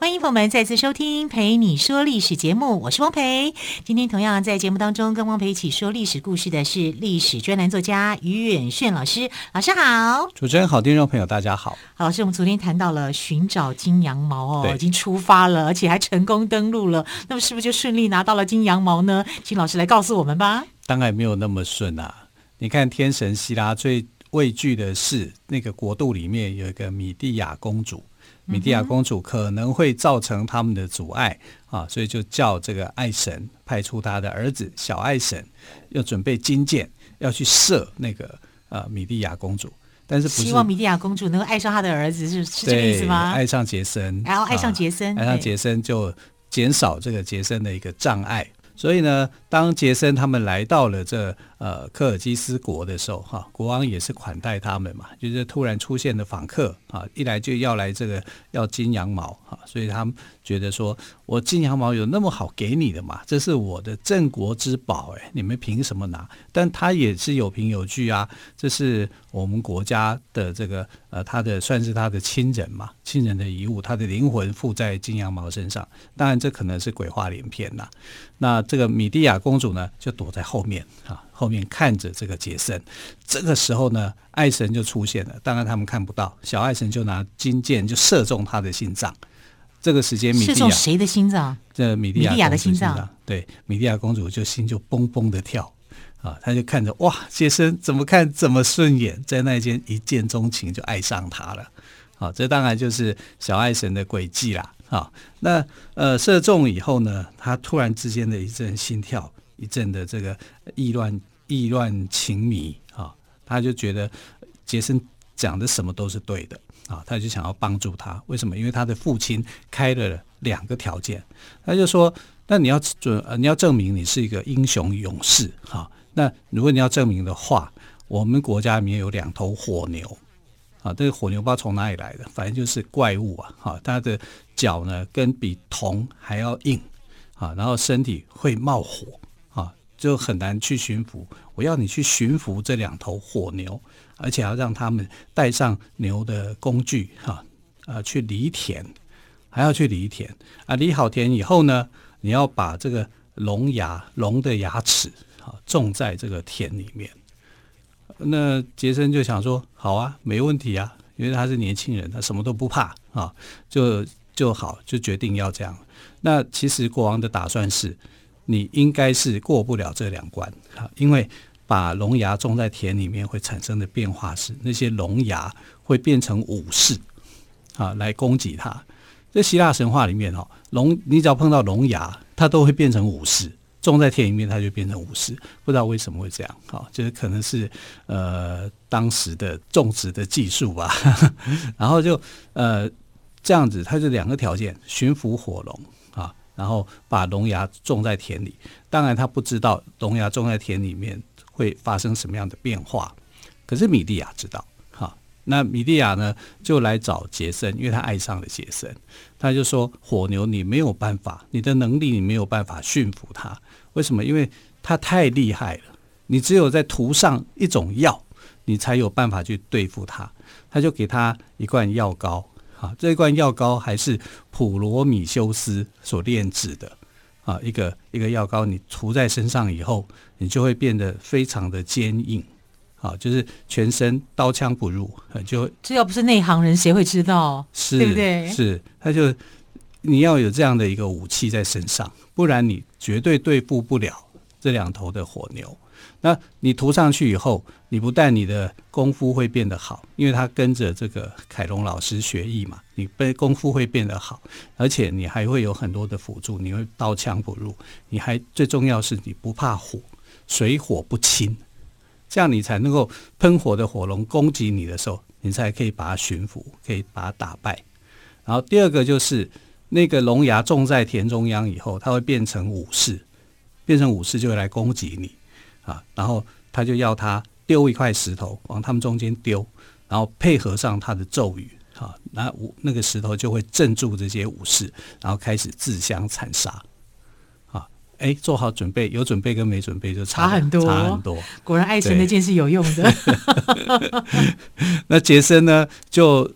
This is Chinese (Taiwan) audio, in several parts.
歡迎朋友們再次收聽《蓓你說歷史》節目，我是汪培。今天同樣在節目當中跟汪培一起說歷史故事的是歷史專欄作家余遠炫老師，老師好！主持人好，聽眾朋友大家好。好，老師，我們昨天談到了尋找金羊毛哦，對已經出發了，而且還成功登陸了，那麼是不是就順利拿到了金羊毛呢？請老師來告訴我們吧。當然沒有那麼順啊！你看，天神希拉最畏懼的是那個國度裡面有一個米蒂亞公主。米蒂亞公主可能會造成他們的阻礙、嗯、哼啊，所以就叫這個愛神派出他的兒子小愛神，要準備金箭，要去射那個呃、啊、米蒂亞公主。但是，不是希望米蒂亞公主能夠愛上他的兒子，是對是這個意思嗎？愛上傑森，然、啊、後愛上傑森，愛上傑森就減少這個傑森的一個障礙。所以呢，當傑森他們來到了這呃，科爾基斯國的時候，哈、啊，國王也是款待他們嘛，就是突然出現的訪客啊，一來就要來這個要金羊毛哈、啊，所以他們覺得說。我金羊毛有那麼好給你的嗎？這是我的鎮國之寶。欸，誒，你們憑什麼拿？但他也是有憑有據啊，這是我們國家的這個呃，他的算是他的親人嘛，親人的遺物，他的靈魂附在金羊毛身上。當然，這可能是鬼話連篇吶。那這個米蒂亞公主呢，就躲在後面啊，後面看着這個傑森。這個時候呢，愛神就出現了，當然他們看不到，小愛神就拿金箭就射中他的心臟。這個時間米蒂亞，米蒂亞射中誰的心臟？這米蒂亞，亞的心臟，對米蒂亞公主就心就嘣嘣的跳，啊，她就看着哇，傑森怎麼看怎麼順眼，在那一間一見鍾情就愛上他了，好，啊，這當然就是小愛神的詭計啦，啊，那呃射中以後呢，他突然之間的一陣心跳，一陣的這個意亂意亂情迷，啊，他就覺得傑森講的什麼都是對的。啊，他就想要幫助他，為什麼？因為他的父親開了兩個條件，他就說：那你要準，你要證明你是一個英雄勇士哈。那如果你要證明的話，我們國家裡面有兩頭火牛啊，這個火牛不知道從哪裡來的，反正就是怪物啊，哈，它的腳呢跟比銅還要硬啊，然後身體會冒火。就很難去馴服。我要你去馴服這兩頭火牛，而且要讓他們帶上牛的工具，哈、啊，啊，去犁田，還要去犁田。啊，犁好田以後呢，你要把這個龍牙、龍的牙齒，啊，種在這個田裡面。那傑森就想說：“好啊，沒問題啊，因為他是年輕人，他什麼都不怕啊，就就好，就決定要這樣。”那其實國王的打算是。你應該是過不了這兩關，啊，因為把龍牙種在田裡面會產生的變化是，那些龍牙會變成武士，啊，來攻擊它。在希臘神話裡面，哈龍，你只要碰到龍牙，它都會變成武士。種在田裡面，它就變成武士，不知道為什麼會這樣，好，就是可能是呃當時的種植的技術吧。 然後就呃這樣子，它就兩個條件：馴服火龍。然後把龍牙種在田裡，當然他不知道龍牙種在田裡面會發生什麼樣的變化。可是米蒂亞知道，哈，那米蒂亞呢就來找杰森，因為他愛上了傑森。他就說：“火牛，你沒有辦法，你的能力你沒有辦法馴服它。為什麼？因為它太厲害了。你只有在塗上一種藥，你才有辦法去對付它。”他就給他一罐藥膏。啊，這一罐藥膏還是普羅米修斯所煉製的啊，一個一個藥膏，你塗在身上以後，你就會變得非常的堅硬，啊，就是全身刀槍不入，就這要不是內行人，誰會知道？是，對不對？是，他就你要有這樣的一個武器在身上，不然你絕對對付不了這兩頭的火牛。那你塗上去以後，你不但你的功夫會變得好，因為他跟着這個凱龍老師學藝嘛，你被功夫會變得好，而且你還會有很多的輔助，你會刀槍不入，你還最重要是你不怕火，水火不侵，這樣你才能夠噴火的火龍攻擊你的時候，你才可以把它馴服，可以把它打敗。然後第二個就是那個龍牙種在田中央以後，它會變成武士，變成武士就會來攻擊你。啊，然後他就要他丟一塊石頭往他們中間丟，然後配合上他的咒語，啊，那那個石頭就會鎮住這些武士，然後開始自相殘殺。啊，哎，做好準備，有準備跟沒準備就差很多，差很多。很多果然，愛情那件事有用的。對 那傑森呢，就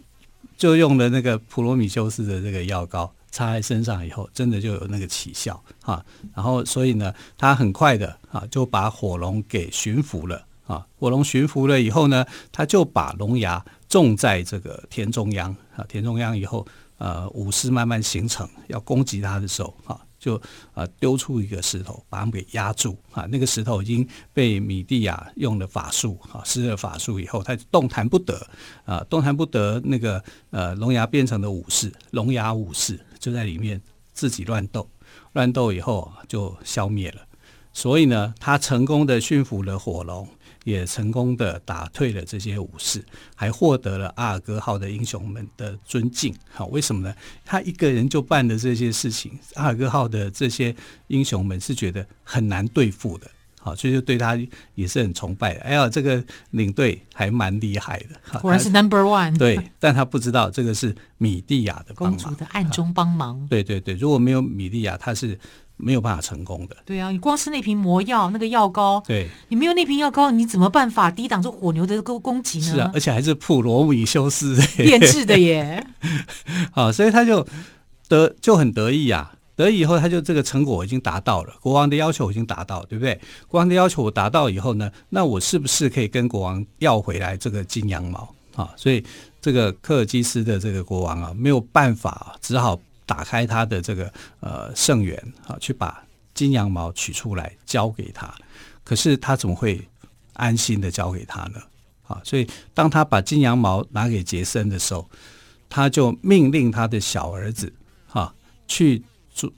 就用了那個普羅米修斯的這個藥膏。插在身上以後，真的就有那個起效啊。然後，所以呢，他很快的啊，就把火龍給馴服了啊。火龍馴服了以後呢，他就把龍牙種在這個田中央啊。田中央以後，呃，武士慢慢形成。要攻擊他的時候啊，就啊丟出一個石頭，把他們給壓住啊。那個石頭已經被米蒂亞用了法術啊，施了法術以後，他就動彈不得啊，動彈不得。那個呃，龍牙變成的武士，龍牙武士。就在裡面自己亂鬥，亂鬥以後就消滅了。所以呢，他成功的馴服了火龍，也成功的打退了這些武士，還獲得了阿爾戈號的英雄們的尊敬。好，為什麼呢？他一個人就辦了這些事情，阿爾戈號的這些英雄們是覺得很難對付的。好，所以就對他也是很崇拜的。哎呀，這個領隊還蠻厲害的，果然是 number one。對， 但他不知道這個是米蒂亞的公主的暗中幫忙。對對對，如果沒有米蒂亞，他是沒有辦法成功的。對啊，你光是那瓶魔藥、那個藥膏，對，你沒有那瓶藥膏，你怎麼辦法抵擋住火牛的攻攻擊呢？是啊，而且還是普羅米修斯煉製的耶。 好，所以他就得就很得意呀，啊。得以後，他就這個成果我已經達到了，國王的要求我已經達到，對不對？國王的要求我達到以後呢，那我是不是可以跟國王要回來這個金羊毛啊？所以這個科爾基斯的這個國王啊，沒有辦法啊，只好打開他的這個呃聖園啊，去把金羊毛取出來交給他。可是他怎麼會安心的交給他呢？啊，所以當他把金羊毛拿給傑森的時候，他就命令他的小兒子啊去。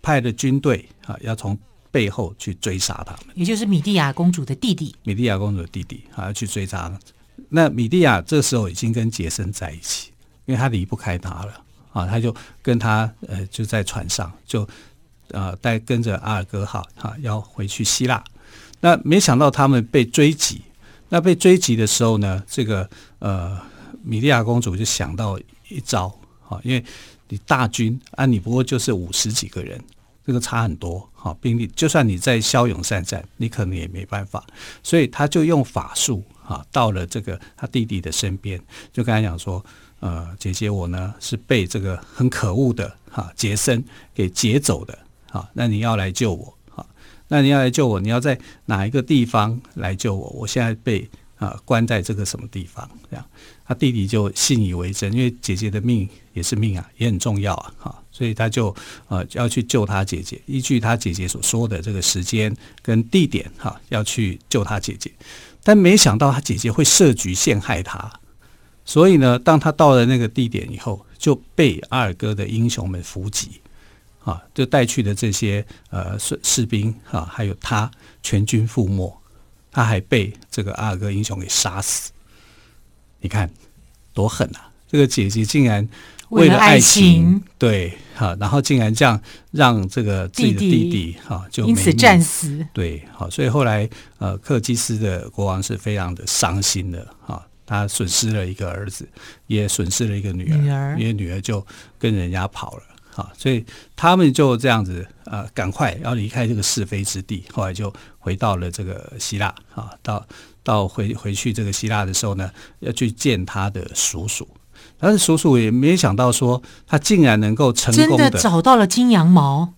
派的軍隊啊，要從背後去追殺他們，也就是米蒂亞公主的弟弟。米蒂亞公主的弟弟啊，要去追殺。那米蒂亞這時候已經跟傑森在一起，因為他離不開他了啊，他就跟他呃就在船上，就、呃、啊帶跟着阿爾戈號啊要回去希臘。那沒想到他們被追擊，那被追擊的時候呢，這個呃米蒂亞公主就想到一招啊，因為。你大軍啊，你不過就是五十幾個人，這個差很多哈、啊。兵力就算你再驍勇善戰，你可能也沒辦法。所以他就用法術哈、啊，到了這個他弟弟的身邊，就跟他講說，呃，姐姐我呢是被這個很可惡的哈傑森給劫走的哈、啊。那你要來救我哈、啊啊？那你要來救我？你要在哪一個地方來救我？我現在被。啊，關在這個什麼地方？這樣，他弟弟就信以為真，因為姐姐的命也是命啊，也很重要啊，哈，所以他就呃要去救他姐姐，依據他姐姐所說的這個時間跟地點，哈，要去救他姐姐，但沒想到他姐姐會設局陷害他，所以呢，當他到了那個地點以後，就被阿爾戈的英雄們伏擊，啊，就帶去的這些呃士士兵哈，還有他全軍覆沒。他還被這個阿爾戈英雄給殺死，你看多狠啊！這個姐姐竟然為了愛情，愛情對哈，然後竟然這樣讓這個自己的弟弟哈弟、啊、就沒因此戰死，對好，所以後來呃，克基斯的國王是非常的傷心的哈、啊，他損失了一個兒子，也損失了一個女兒，女兒因為女兒就跟人家跑了。啊，所以他們就這樣子啊、呃，趕快要離開這個是非之地，後來就回到了這個希臘啊。到到回回去這個希臘的時候呢，要去見他的叔叔，但是叔叔也沒想到說他竟然能夠成功的，的找到了金羊毛。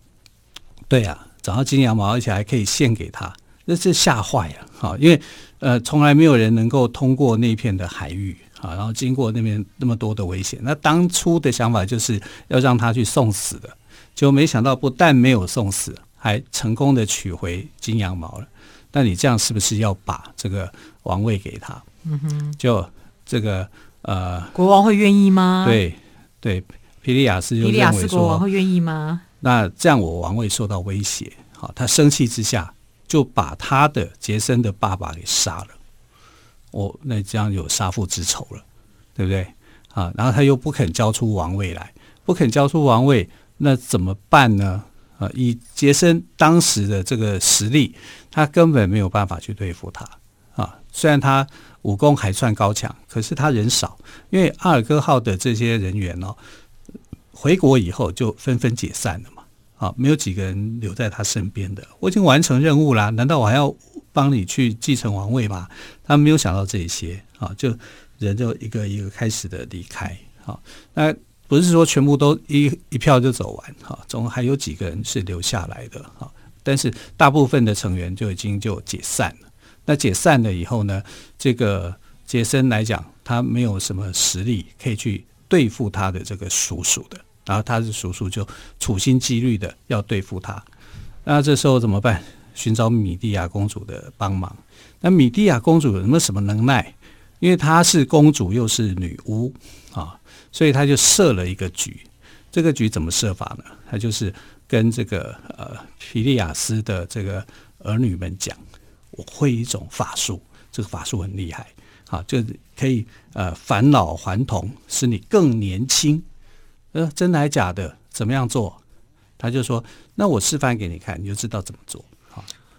對呀、啊，找到金羊毛，而且還可以獻給他，那是嚇壞了啊！因為呃，從來沒有人能夠通過那片的海域。啊，然後經過那邊那麼多的危險，那當初的想法就是要讓他去送死的，就沒想到不但沒有送死，還成功的取回金羊毛了。那你這樣是不是要把這個王位給他？嗯哼，就這個呃，國王會願意嗎？對對，皮利亞斯就認為說，皮利亞斯國王會願意嗎？那這樣我王位受到威脅，好，他生氣之下就把他的傑森的爸爸給殺了。我、oh, 那這樣有殺父之仇了，對不對？啊，然後他又不肯交出王位來，不肯交出王位，那怎麼辦呢？啊，以杰森當時的這個實力，他根本沒有辦法去對付他。啊，雖然他武功還算高強，可是他人少，因為阿爾戈號的這些人員呢、哦，回國以後就紛紛解散了嘛。啊，沒有幾個人留在他身邊的。我已經完成任務啦，難道我還要？幫你去繼承王位吧？他沒有想到這些啊，就人就一個一個開始的離開啊。那不是說全部都一一票就走完哈，總還有幾個人是留下來的哈。但是大部分的成員就已經就解散了。那解散了以後呢，這個杰森來講，他沒有什麼實力可以去對付他的這個叔叔的，然後他的叔叔就處心積慮的要對付他。那這時候怎麼辦？尋找米蒂亞公主的幫忙。那米蒂亞公主有沒有什麼能耐？因為她是公主，又是女巫啊，所以她就設了一個局。這個局怎麼設法呢？她就是跟這個呃皮利亞斯的這個兒女們講，我會一種法術，這個法術很厲害啊，就可以呃返老還童，使你更年輕。呃，真的還假的？怎麼樣做？她就說：“那我示範給你看，你就知道怎麼做。”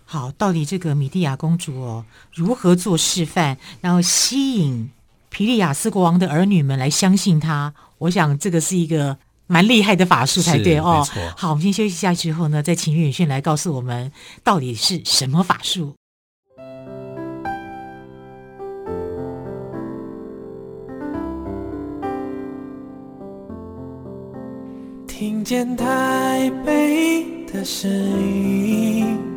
好，到底這個米蒂亞公主哦，如何做示範，然後吸引皮利亞斯國王的兒女們來相信她？我想這個是一個蠻厲害的法術才對哦。好，我們先休息一下之後呢，再請遠炫來告訴我們到底是什麼法術。聽見台北的聲音。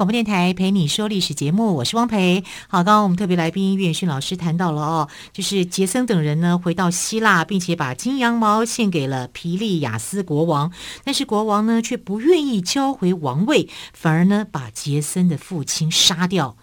廣播電台陪你說歷史節目，我是汪蓓。好，剛剛我們特別來賓岳雪老師談到了哦，就是傑森等人呢回到希臘，並且把金羊毛獻給了皮利亞斯國王，但是國王呢卻不願意交回王位，反而呢把傑森的父親殺掉。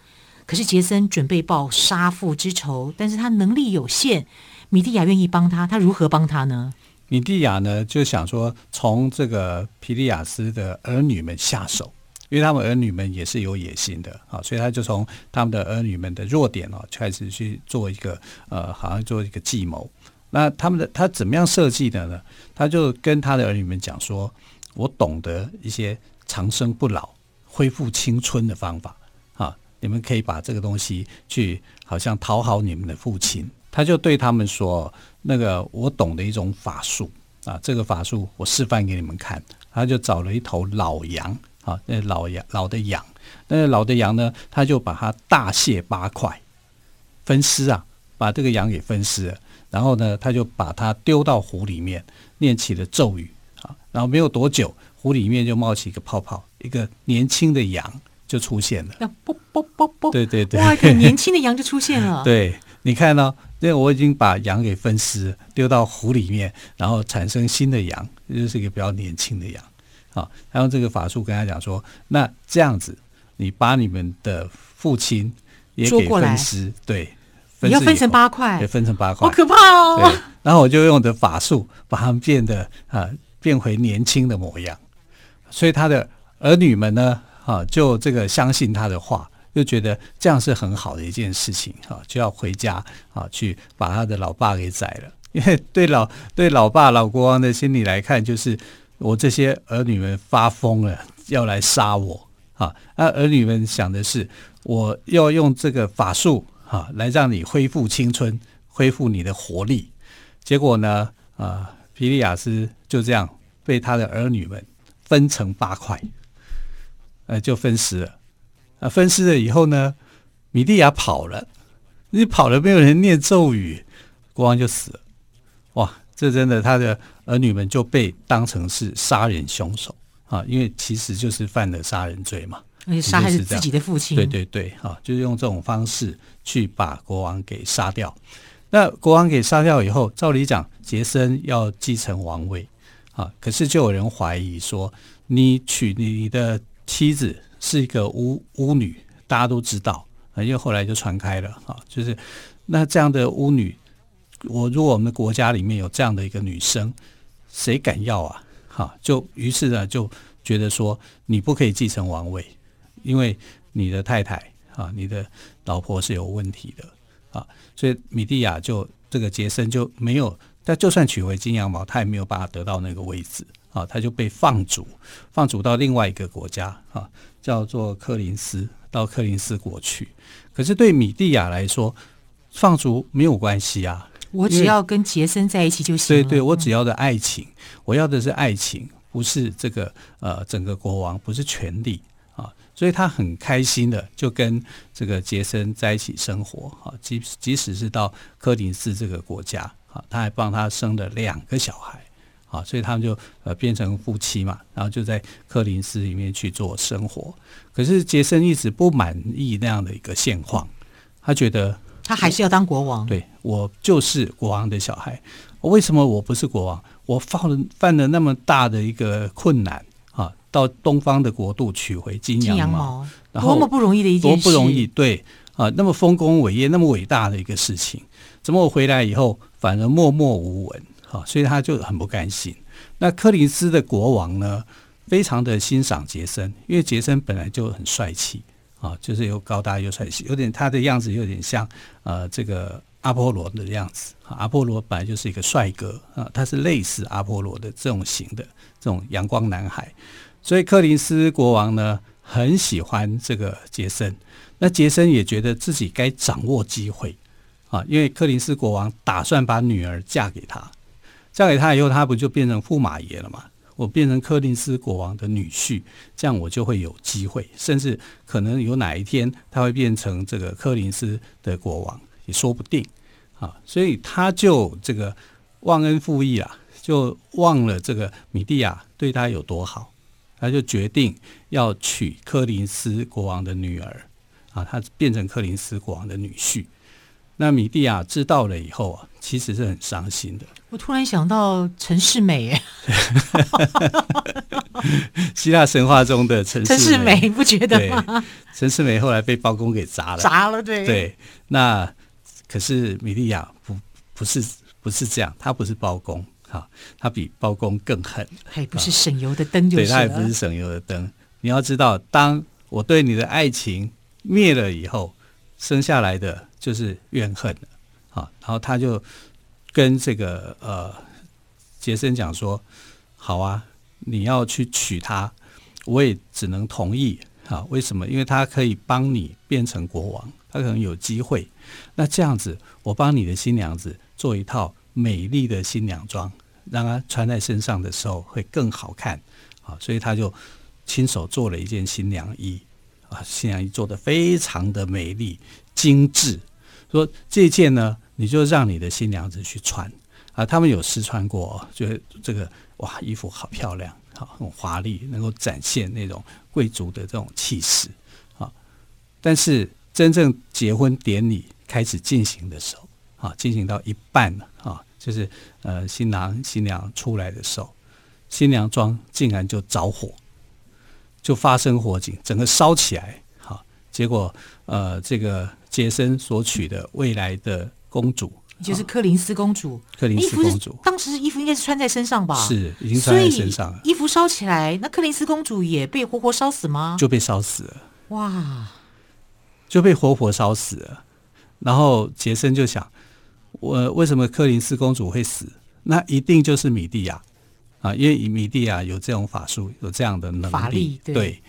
可是傑森準備報殺父之仇，但是他能力有限，米蒂亞願意幫他，他如何幫他呢？米蒂亞呢就想說從這個皮利亞斯的兒女們下手。因為他們兒女們也是有野心的啊，所以他就從他們的兒女們的弱點哦開始去做一個呃，好像做一個計謀。那他們的他怎麼樣設計的呢？他就跟他的兒女們講說：“我懂得一些長生不老、恢復青春的方法啊，你們可以把這個東西去好像討好你們的父親。”他就對他們說：“那個我懂得一種法術啊，這個法術我示範給你們看。”他就找了一頭老羊。啊，那老羊老的羊，那個、老的羊呢？他就把它大卸八塊，分屍啊，把這個羊給分屍了。然後呢，他就把它丟到湖裡面，念起了咒語啊。然後沒有多久，湖裡面就冒起一個泡泡，一個年輕的羊就出現了。那，啵啵啵啵，對對對，哇，很年輕的羊就出現了。 對你看到、哦，那我已經把羊給分屍，丟到湖裡面，然後產生新的羊，這、就是一個比較年輕的羊。他用這個法術跟他講說：“那這樣子，你把你們的父親也給分屍，對，你要分成八塊，對，分成八塊，好可怕哦。”然後我就用的法術，把他們變得啊，變回年輕的模樣。所以他的兒女們呢，啊，就這個相信他的話，又覺得這樣是很好的一件事情，哈、啊，就要回家啊，去把他的老爸給宰了。因為對老對老爸老國王的心理來看，就是。我這些兒女們發瘋了，要來殺我啊！那兒女們想的是，我要用這個法術啊，來讓你恢復青春，恢復你的活力。結果呢，啊，皮利亞斯就這樣被他的兒女們分成八塊，呃、啊，就分屍了。啊，分屍了以後呢，米蒂亞跑了。你跑了，沒有人念咒語，國王就死了。哇！這真的，他的兒女們就被當成是殺人兇手啊！因為其實就是犯了殺人罪嘛，而且殺死自己的父親。對對對，哈，啊，就是用這種方式去把國王給殺掉。那國王給殺掉以後，照理講傑森要繼承王位啊，可是就有人懷疑說，你娶你的妻子是一個巫巫女，大家都知道，啊，因為後來就傳開了啊，就是那這樣的巫女。我如果我們的國家裡面有這樣的一個女生，誰敢要啊？哈、啊，就於是呢，就覺得說你不可以繼承王位，因為你的太太啊，你的老婆是有問題的啊。所以米蒂亞就這個傑森就沒有，他就算娶回金羊毛，他也沒有辦法得到那個位置啊。他就被放逐，放逐到另外一個國家啊，叫做柯林斯，到柯林斯國去。可是對米蒂亞來說，放逐沒有關係啊。我只要跟傑森在一起就行。對對，我只要的愛情，我要的是愛情，不是這個呃整個國王，不是權力啊。所以他很開心的就跟這個傑森在一起生活啊，即即使是到柯林斯這個國家啊，他還幫他生了兩個小孩啊，所以他們就呃變成夫妻嘛，然後就在柯林斯裡面去做生活。可是傑森一直不滿意那樣的一個現況，他覺得。他還是要當國王，對我就是國王的小孩。為什麼我不是國王？我犯了犯了那麼大的一個困難啊！到東方的國度取回金羊毛，多麼不容易的一多不容易對啊！那麼豐功偉業，那麼偉大的一個事情，怎麼我回來以後反而默默無聞啊？所以他就很不甘心。那柯林斯的國王呢，非常的欣賞傑森，因為傑森本來就很帥氣。啊，就是又高大又帥氣，有點他的樣子有點像呃這個阿波羅的樣子。啊、阿波羅本來就是一個帥哥啊，他是類似阿波羅的這種型的這種陽光男孩。所以柯林斯國王呢，很喜歡這個傑森，那傑森也覺得自己該掌握機會啊，因為柯林斯國王打算把女兒嫁給他，嫁給他以後他不就變成駙馬爺了嗎？我變成柯林斯國王的女婿，這樣我就會有機會，甚至可能有哪一天他會變成這個柯林斯的國王也說不定啊！所以他就這個忘恩負義啊，就忘了這個米蒂亞對他有多好，他就決定要娶柯林斯國王的女兒啊，他變成柯林斯國王的女婿。那米蒂亞知道了以後啊，其實是很傷心的。我突然想到陳世美耶，哈哈哈哈哈！希臘神話中的陳世美，陳世美不覺得嗎？陳世美後來被包公給砸了，砸了，對對。那可是米蒂亞不不是不是這樣，他不是包公哈、啊，他比包公更狠，還不是省油的燈就是、啊，對他也不是省油的燈。你要知道，當我對你的愛情滅了以後，生下來的。就是怨恨啊，然後他就跟這個呃傑森講說：“好啊，你要去娶她，我也只能同意啊。為什麼？因為她可以幫你變成國王，她可能有機會。那這樣子，我幫你的新娘子做一套美麗的新娘裝，讓她穿在身上的時候會更好看啊。所以他就親手做了一件新娘衣啊，新娘衣做得非常的美麗精致。”說這件呢，你就讓你的新娘子去穿啊。他們有試穿過，覺得這個哇，衣服好漂亮，好很華麗，能夠展現那種貴族的這種氣勢啊。但是真正結婚典禮開始進行的時候啊，進行到一半了啊，就是呃，新郎新娘出來的時候，新娘裝竟然就着火，就發生火警，整個燒起來。好，啊，結果呃，這個。傑森所娶的未來的公主，就是柯林斯公主。啊，柯林斯公主當時衣服應該是穿在身上吧？是，已經穿在身上了。衣服燒起來，那柯林斯公主也被活活燒死嗎？就被燒死了。哇，就被活活燒死了。然後傑森就想：我為什麼柯林斯公主會死？那一定就是米蒂亞啊，因為米蒂亞有這種法術，有這樣的能力。法力，對，對。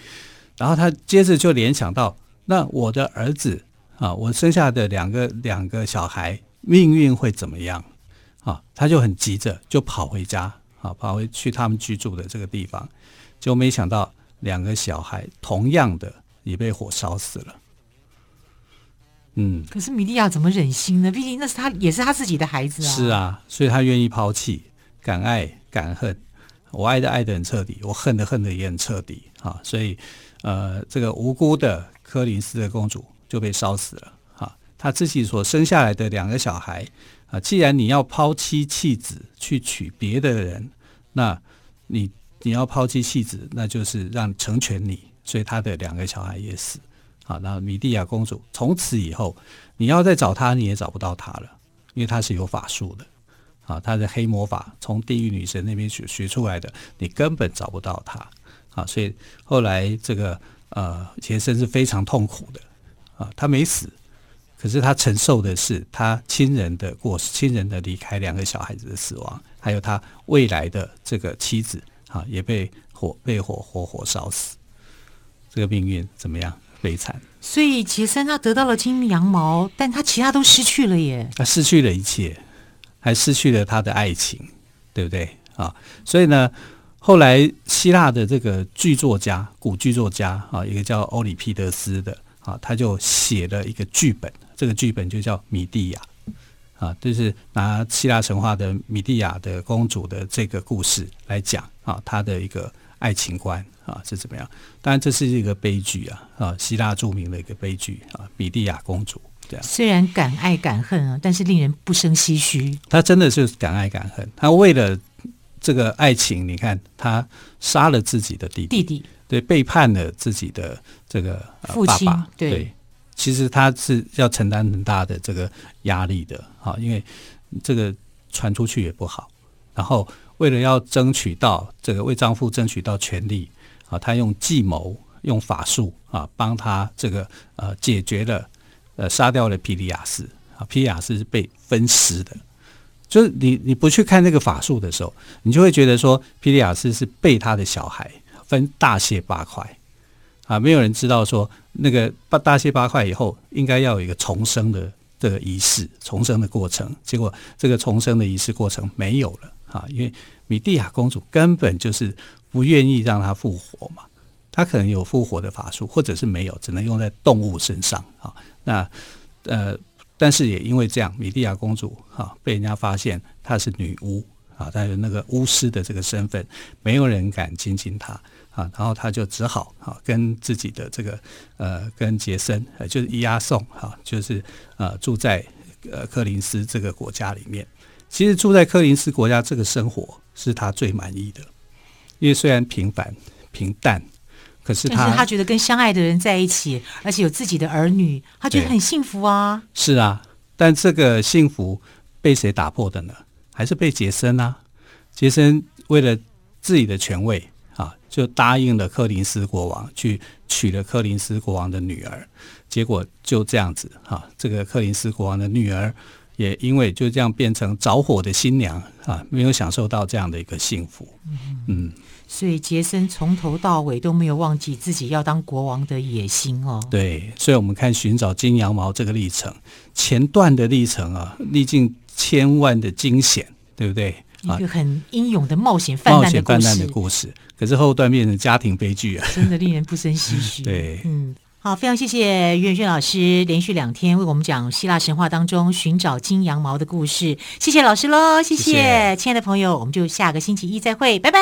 然後他接着就聯想到：那我的兒子。啊！我生下的兩個兩個小孩命運會怎麼樣？啊，他就很急着就跑回家，啊，跑回去他們居住的這個地方，就沒想到兩個小孩同樣的也被火燒死了。嗯，可是米利亞怎麼忍心呢？畢竟那是她也是他自己的孩子啊。是啊，所以他願意拋棄，敢愛敢恨。我愛的愛的很徹底，我恨的恨的也很徹底啊。所以，呃，這個無辜的柯林斯的公主。就被燒死了。啊，他自己所生下來的兩個小孩，啊，既然你要拋妻棄子去娶別的人，那你，你你要拋妻棄子，那就是讓成全你，所以他的兩個小孩也死。好，啊，那米蒂亞公主從此以後，你要再找他，你也找不到他了，因為他是有法術的，啊，他的黑魔法，從地獄女神那邊學學出來的，你根本找不到他。啊，所以後來這個呃，傑森是非常痛苦的。啊，他沒死，可是他承受的是他親人的過失，親人的離開，兩個小孩子的死亡，還有他未來的這個妻子啊，也被火被火活活燒死。這個命運怎麼樣？悲慘。所以杰森他得到了金羊毛，但他其他都失去了耶。他失去了一切，還失去了他的愛情，對不對？啊，所以呢，後來希臘的這個劇作家，古劇作家啊，一個叫歐裡皮德斯的。啊，他就寫了一個劇本，這個劇本就叫《米蒂亞》，啊，就是拿希臘神話的米蒂亞的公主的這個故事來講啊，他的一個愛情觀啊是怎麼樣？當然這是一個悲劇啊，啊，希臘著名的一個悲劇啊，《米蒂亞公主》這樣。雖然敢愛敢恨啊，但是令人不勝唏噓。他真的是敢愛敢恨，他為了這個愛情，你看他殺了自己的弟弟。弟弟。對，背叛了自己的這個爸爸、父親。對，對，其實他是要承擔很大的這個壓力的啊，因為這個傳出去也不好。然後為了要爭取到這個，為丈夫爭取到權利啊，他用計謀、用法術啊，幫他這個呃解決了，呃殺掉了皮利亞斯啊。皮利亞斯是被分屍的，就是你你不去看那個法術的時候，你就會覺得說皮利亞斯是被他的小孩，分大卸八塊，啊，沒有人知道說，那個把大卸八塊以後應該要有一個重生的這個儀式，重生的過程。結果這個重生的儀式過程沒有了啊，因為米蒂亞公主根本就是不願意讓她復活嘛，她可能有復活的法術，或者是沒有，只能用在動物身上啊。那呃，但是也因為這樣，米蒂亞公主啊被人家發現她是女巫。啊，帶有那個巫師的這個身份，沒有人敢親近他啊。然後他就只好啊，跟自己的這個呃，跟傑森，呃，就是伊阿宋哈，啊，就是呃，住在呃柯林斯這個國家裡面。其實住在柯林斯國家這個生活是他最滿意的，因為雖然平凡平淡，可是他但是他覺得跟相愛的人在一起，而且有自己的兒女，他覺得很幸福啊。是啊，但這個幸福被誰打破的呢？還是被傑森啊，傑森為了自己的權位啊，就答應了柯林斯國王去娶了柯林斯國王的女兒，結果就這樣子啊，這個柯林斯國王的女兒也因為就這樣變成着火的新娘啊，沒有享受到這樣的一個幸福。嗯，所以傑森從頭到尾都沒有忘記自己要當國王的野心哦。對，所以我們看尋找金羊毛這個歷程，前段的歷程啊，歷經。千萬的驚險，對不對？一個很英勇的冒險犯難的、冒險、的故事。可是後段變成家庭悲劇啊，真的令人不勝唏噓。對，嗯，好，非常謝謝岳軒老師連續兩天為我們講希臘神話當中尋找金羊毛的故事。謝謝老師嘍，謝謝，謝謝親愛的朋友，我們就下個星期一再會，拜拜。